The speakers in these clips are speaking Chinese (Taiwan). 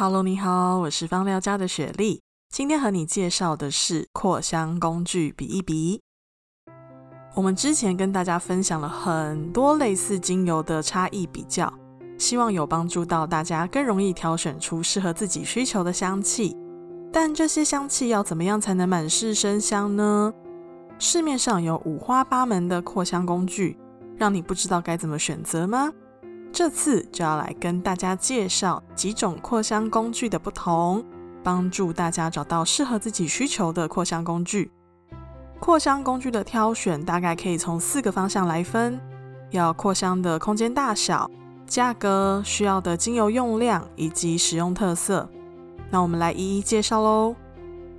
Hello，你好，我是芳療家的雪莉。今天和你介紹的是擴香工具比一比。我們之前跟大家分享了很多類似精油的差異比較，希望有幫助到大家更容易挑選出適合自己需求的香氣。但這些香氣要怎麼樣才能滿室生香呢？市面上有五花八門的擴香工具，讓你不知道該怎麼選擇嗎？這次就要來跟大家介紹幾種擴香工具的不同，幫助大家找到適合自己需求的擴香工具。擴香工具的挑選大概可以從四個方向來分：要擴香的空間大小、價格、需要的精油用量以及使用特色。那我們來一一介紹嘍。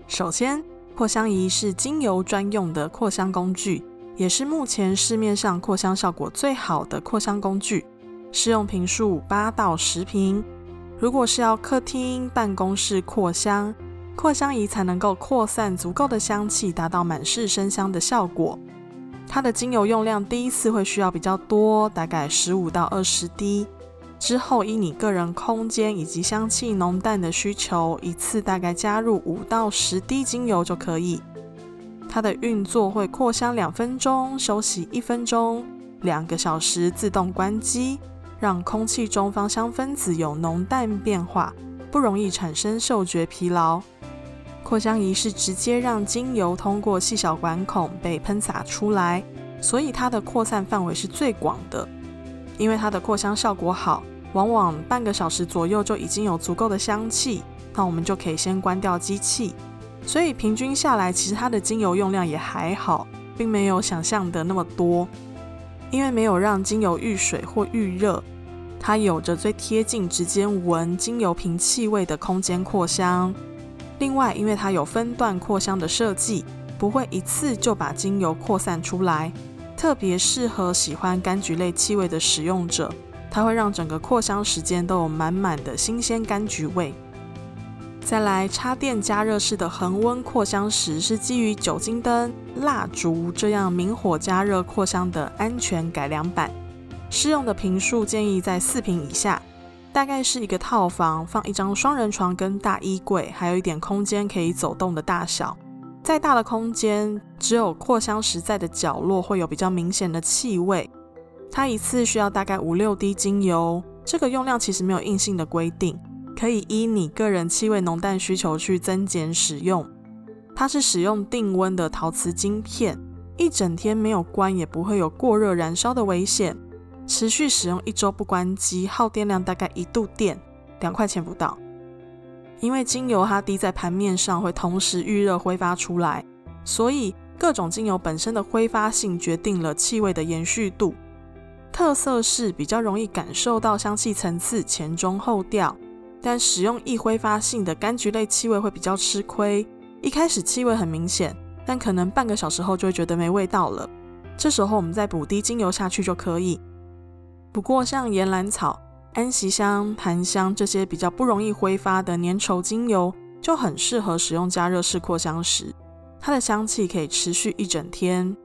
首先，擴香儀是精油專用的擴香工具，也是目前市面上擴香效果最好的擴香工具。適用坪數，八到十坪。如果是要客廳、辦公室擴香，擴香儀才能夠擴散足夠的香氣，達到滿室生香的效果。它的精油用量第一次會需要比較多，大概十五到二十滴。之後依你個人空間以及香氣濃淡的需求，一次大概加入五到十滴精油就可以。它的運作會擴香兩分鐘，休息一分鐘，兩個小時自動關機。讓空氣中芳香分子有濃淡變化，不容易產生嗅覺疲勞。擴香儀是直接讓精油通過細小管孔被噴灑出來，所以它的擴散範圍是最廣的。因為它的擴香效果好，往往半個小時左右就已經有足夠的香氣，那我們就可以先關掉機器。所以平均下來，其實它的精油用量也還好，並沒有想象的那麼多。因為沒有讓精油遇水或遇熱，它有着最貼近直接聞精油瓶氣味的空間擴香。另外，因為它有分段擴香的設計，不會一次就把精油擴散出來，特別適合喜歡柑橘類氣味的使用者。它會讓整個擴香時間都有滿滿的新鮮柑橘味。再來，插電加熱式的恆溫擴香石是基於酒精燈、蠟燭這樣明火加熱擴香的安全改良版，適用的坪數建議在四坪以下，大概是一個套房放一張雙人床跟大衣櫃，還有一點空間可以走動的大小。再大的空間，只有擴香石在的角落會有比較明顯的氣味。它一次需要大概五六滴精油，這個用量其實沒有硬性的規定。可以依你個人氣味濃淡需求去增減使用。它是使用定溫的陶瓷晶片，一整天沒有關也不會有過熱燃燒的危險。持續使用一周不關機，耗電量大概一度電，兩塊錢不到。因為精油它滴在盤面上會同時遇熱揮發出來，所以各種精油本身的揮發性決定了氣味的延續度。特色是比較容易感受到香氣層次前中後調。但使用易揮發性的柑橘類氣味會比較吃虧，一開始氣味很明顯，但可能半個小時後就會覺得沒味道了。這時候我們再補滴精油下去就可以。不過像岩蘭草、安息香、檀香這些比較不容易揮發的粘稠精油，就很適合使用加熱式擴香石，它的香氣可以持續一整天。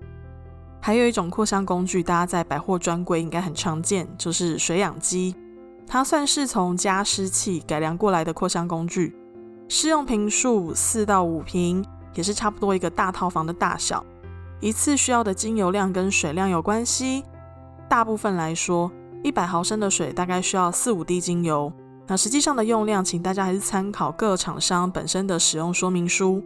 還有一種擴香工具，大家在百貨專櫃應該很常見，就是水氧機。它算是從加濕器改良過來的擴香工具，適用坪數四到五坪，也是差不多一個大套房的大小。一次需要的精油量跟水量有關係，大部分來說，一百毫升的水大概需要四五滴精油。那實際上的用量，請大家還是參考各廠商本身的使用說明書。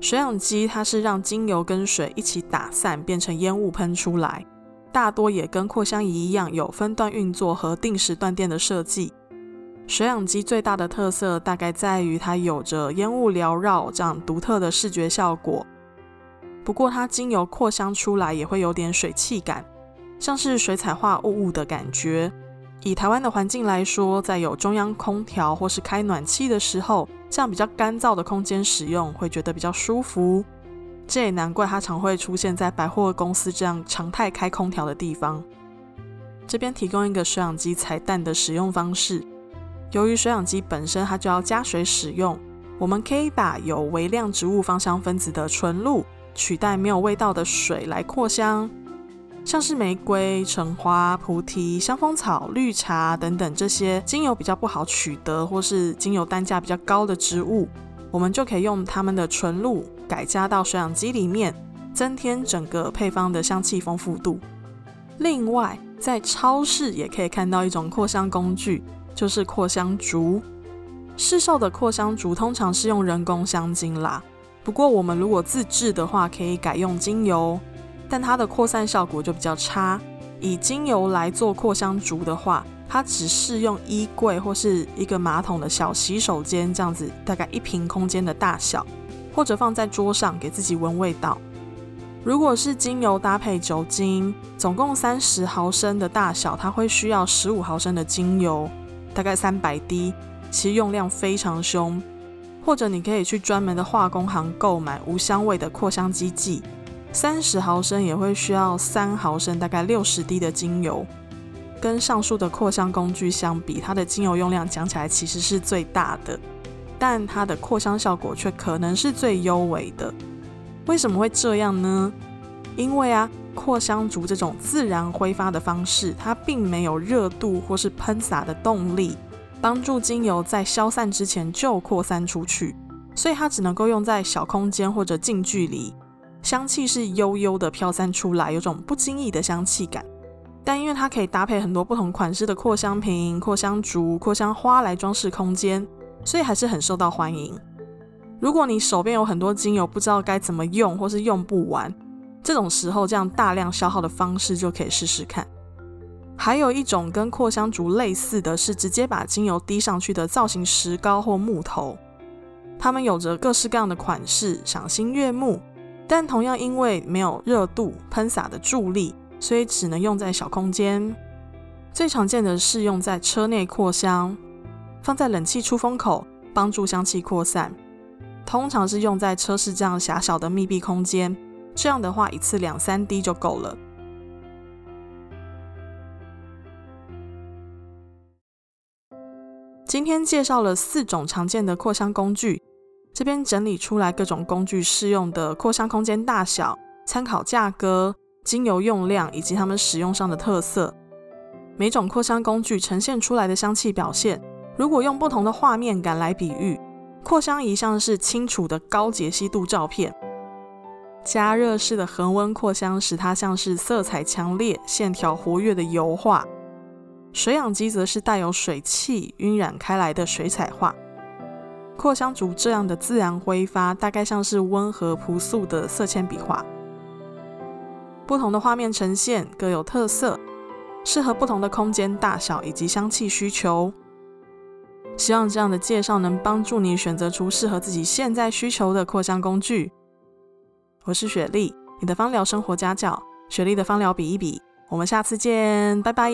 水氧機它是讓精油跟水一起打散，變成煙霧噴出來。大多也跟擴香儀一樣有分段運作和定時斷電的設計。水氧機最大的特色大概在於它有着煙霧繚繞這樣獨特的視覺效果。不過它經由擴香出來也會有點水汽感，像是水彩畫霧霧的感覺。以台灣的環境來說，在有中央空調或是開暖氣的時候，這樣比較乾燥的空間使用會覺得比較舒服。這也難怪它常會出現在百貨公司這樣常態開空調的地方。這邊提供一個水氧機彩蛋的使用方式。由於水氧機本身它就要加水使用，我們可以把有微量植物芳香分子的純露，取代沒有味道的水來擴香。像是玫瑰、橙花、菩提、香蜂草、綠茶等等這些精油比較不好取得，或是精油單價比較高的植物，我們就可以用它們的純露。改加到水氧機裡面，增添整個配方的香氣豐富度。另外，在超市也可以看到一種擴香工具，就是擴香竹。市售的擴香竹通常是用人工香精啦，不過我們如果自製的話，可以改用精油，但它的擴散效果就比較差。以精油來做擴香竹的話，它只適用衣櫃或是一個馬桶的小洗手間這樣子，大概一坪空間的大小。或者放在桌上給自己聞味道。如果是精油搭配酒精，總共三十毫升的大小，它會需要十五毫升的精油，大概三百滴，其實用量非常兇。或者你可以去專門的化工行購買無香味的擴香基劑，三十毫升也會需要三毫升，大概六十滴的精油。跟上述的擴香工具相比，它的精油用量講起來其實是最大的。但它的擴香效果卻可能是最優遠的。為什麼會這樣呢？因為啊，擴香竹這種自然揮發的方式，它並沒有熱度或是噴灑的動力，幫助精油在消散之前就擴散出去，所以它只能夠用在小空間或者近距離。香氣是悠悠的飄散出來，有種不經意的香氣感。但因為它可以搭配很多不同款式的擴香瓶、擴香竹、擴香花來裝飾空間。所以還是很受到歡迎。如果你手邊有很多精油，不知道該怎麼用，或是用不完，這種時候這樣大量消耗的方式就可以試試看。還有一種跟擴香竹類似的是，直接把精油滴上去的造型石膏或木頭，它們有着各式各樣的款式，賞心悅目。但同樣因為沒有熱度噴灑的助力，所以只能用在小空間。最常見的是用在車內擴香。放在冷氣出風口，幫助香氣擴散。通常是用在車室這樣狹小的密閉空間，這樣的話一次兩三滴就夠了。今天介紹了四種常見的擴香工具，這邊整理出來各種工具適用的擴香空間大小、參考價格、精油用量以及它們使用上的特色。每種擴香工具呈現出來的香氣表現。如果用不同的畫面感來比喻，擴香儀像是清楚的高解析度照片；加熱式的恆溫擴香石它像是色彩強烈、線條活躍的油畫；水氧機則是帶有水汽暈染開來的水彩畫；擴香竹這樣的自然揮發，大概像是溫和樸素的色鉛筆畫。不同的畫面呈現各有特色，適合不同的空間大小以及香氣需求。希望這樣的介紹能幫助你選擇出適合自己現在需求的擴香工具。我是雪莉，你的芳療生活家教。雪莉的芳療比一比，我們下次見，拜拜。